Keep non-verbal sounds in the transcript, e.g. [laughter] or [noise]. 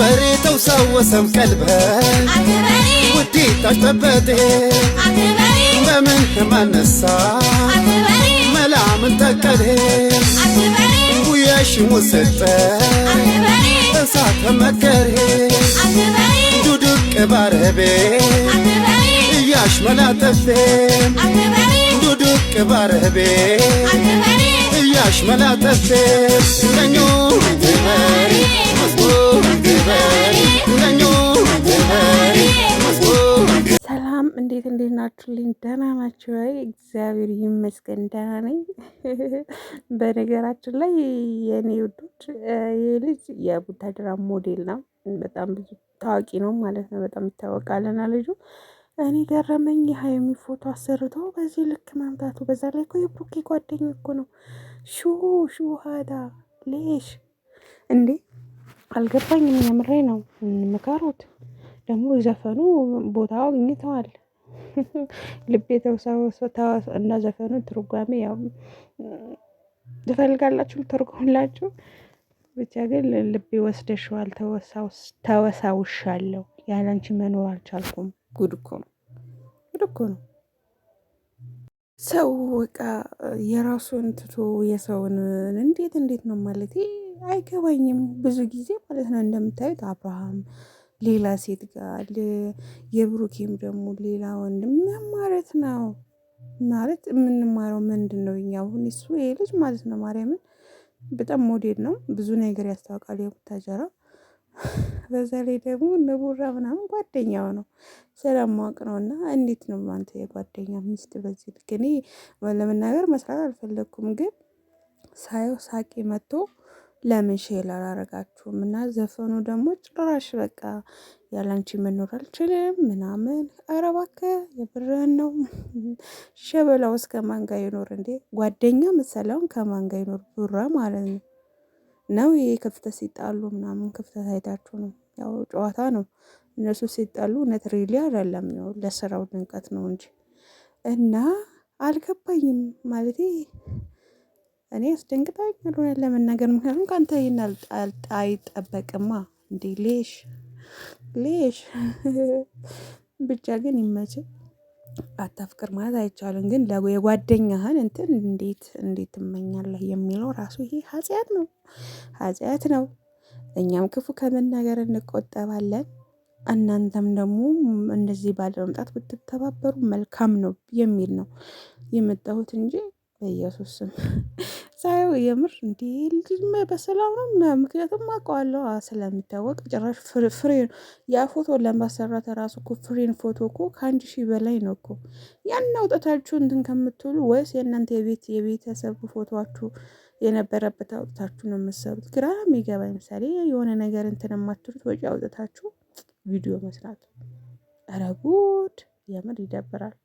عتبريت وسوسم كلبها عتبريت وديت عتبتي عتبريت ما من ما نسى عتبريت ما لا من تكره عتبريت ويا شمو ستة عتبريت انساتها ما كره عتبريت دودك باربي عتبريت ياش ما لا تفهم عتبريت دودك باربي عتبريت ياش ما لا تفهم እንዴት እንዴት ናችሁልኝ? ደህና ናችሁ ወይ? እግዚአብሔር ይመስገን ደህና ነኝ። [laughs] በነገራችን ላይ የእኔ ውዶች ይህ ልጅ የቡታጅራ ሞዴል ነው። በጣም ብዙ ታዋቂ ነው ማለት ነው። በጣም ይታወቃልና ልጁ እኔ ገረመኝ። የሀይሚ ፎቶ አሰርቶ በዚህ ልክ ማምጣቱ፣ በዛ ላይ እኮ የብሩኬ ጓደኛ እኮ ነው። ሹ ሹ ሀዳ ሌሽ እንዴ አልገባኝም። የምሬ ነው። ምከሩት ደግሞ የዘፈኑ ቦታ አግኝተዋል። [laughs] ልቤ ተወሳወሰ እና ዘፈኑ ትርጓሜ ያው ትፈልጋላችሁ ልተርጉምላችሁ። ብቻ ግን ልቤ ወስደሽዋል፣ ተወሳውሻለሁ፣ ያለንቺ መኖር አልቻልኩም። ጉድ እኮ ነው፣ ጉድ እኮ ነው። ሰው በቃ የራሱን ትቶ የሰውን እንዴት እንዴት ነው ማለት አይገባኝም። ብዙ ጊዜ ማለት ነው እንደምታዩት አብርሃም ሌላ ሴት ጋር የብሩኬም ደግሞ ሌላ ወንድ ምን ማለት ነው? ማለት የምንማረው ምንድን ነው? እኛ አሁን እሱ ይሄ ልጅ ማለት ነው ማርያምን በጣም ሞዴል ነው። ብዙ ነገር ያስታውቃል። የቡታጀራ በዛ ላይ ደግሞ ንቡራ ምናምን ጓደኛው ነው ስለማወቅ ነው። እና እንዴት ነው አንተ የጓደኛ ሚስት በዚህ ልክ? እኔ ለመናገር መስራት አልፈለግኩም፣ ግን ሳየው ሳቄ መጥቶ ለምን ሼር አላረጋችሁም? እና ዘፈኑ ደግሞ ጭራሽ በቃ ያላንቺ መኖር አልችልም ምናምን። ኧረ እባክህ የብርህን ነው ሸበላው እስከ ማንጋ ይኖር እንዴ? ጓደኛ መሰለውን ከማንጋ ይኖር ብራ ማለት ነው ነው ይሄ ክፍተት ሲጣሉ ምናምን ክፍተት አይታችሁ ነው። ያው ጨዋታ ነው እነሱ ሲጣሉ እውነት ሪሊ አይደለም፣ ነው ለስራው ድንቀት ነው እንጂ እና አልገባኝም ማለት እኔ አስደንግጣኛል ሆነን ለመናገር ምክንያቱም ከአንተ ይህን አይጠበቅማ። እንዴ ሌሽ ሌሽ [laughs] ብቻ ግን ይመች። አታፍቅር ማለት አይቻልም፣ ግን የጓደኛህን እንትን እንዴት እንዴት ትመኛለህ የሚለው ራሱ ይሄ ኃጢአት ነው፣ ኃጢአት ነው። እኛም ክፉ ከመናገር እንቆጠባለን። እናንተም ደግሞ እንደዚህ ባለመምጣት ብትተባበሩ መልካም ነው የሚል ነው የመጣሁት እንጂ በኢየሱስ ስም የምር እንዴ ልጅ በሰላም ነው ምናምን። ምክንያቱም አውቀዋለሁ ስለሚታወቅ ጭራሽ ፍሬ ያ ፎቶ ለማሰራት ራሱ እኮ ፍሬን ፎቶ እኮ ከአንድ ሺህ በላይ ነው እኮ ያን አውጥታችሁ እንትን ከምትሉ ወይስ የእናንተ የቤት የቤተሰብ ፎቶችሁ የነበረበት አውጥታችሁ ነው የምትሰሩት? ግራ የሚገባ ምሳሌ የሆነ ነገር እንትን የማትሉት ወጪ አውጥታችሁ ቪዲዮ መስራት። ኧረ ጉድ! የምር ይደብራል።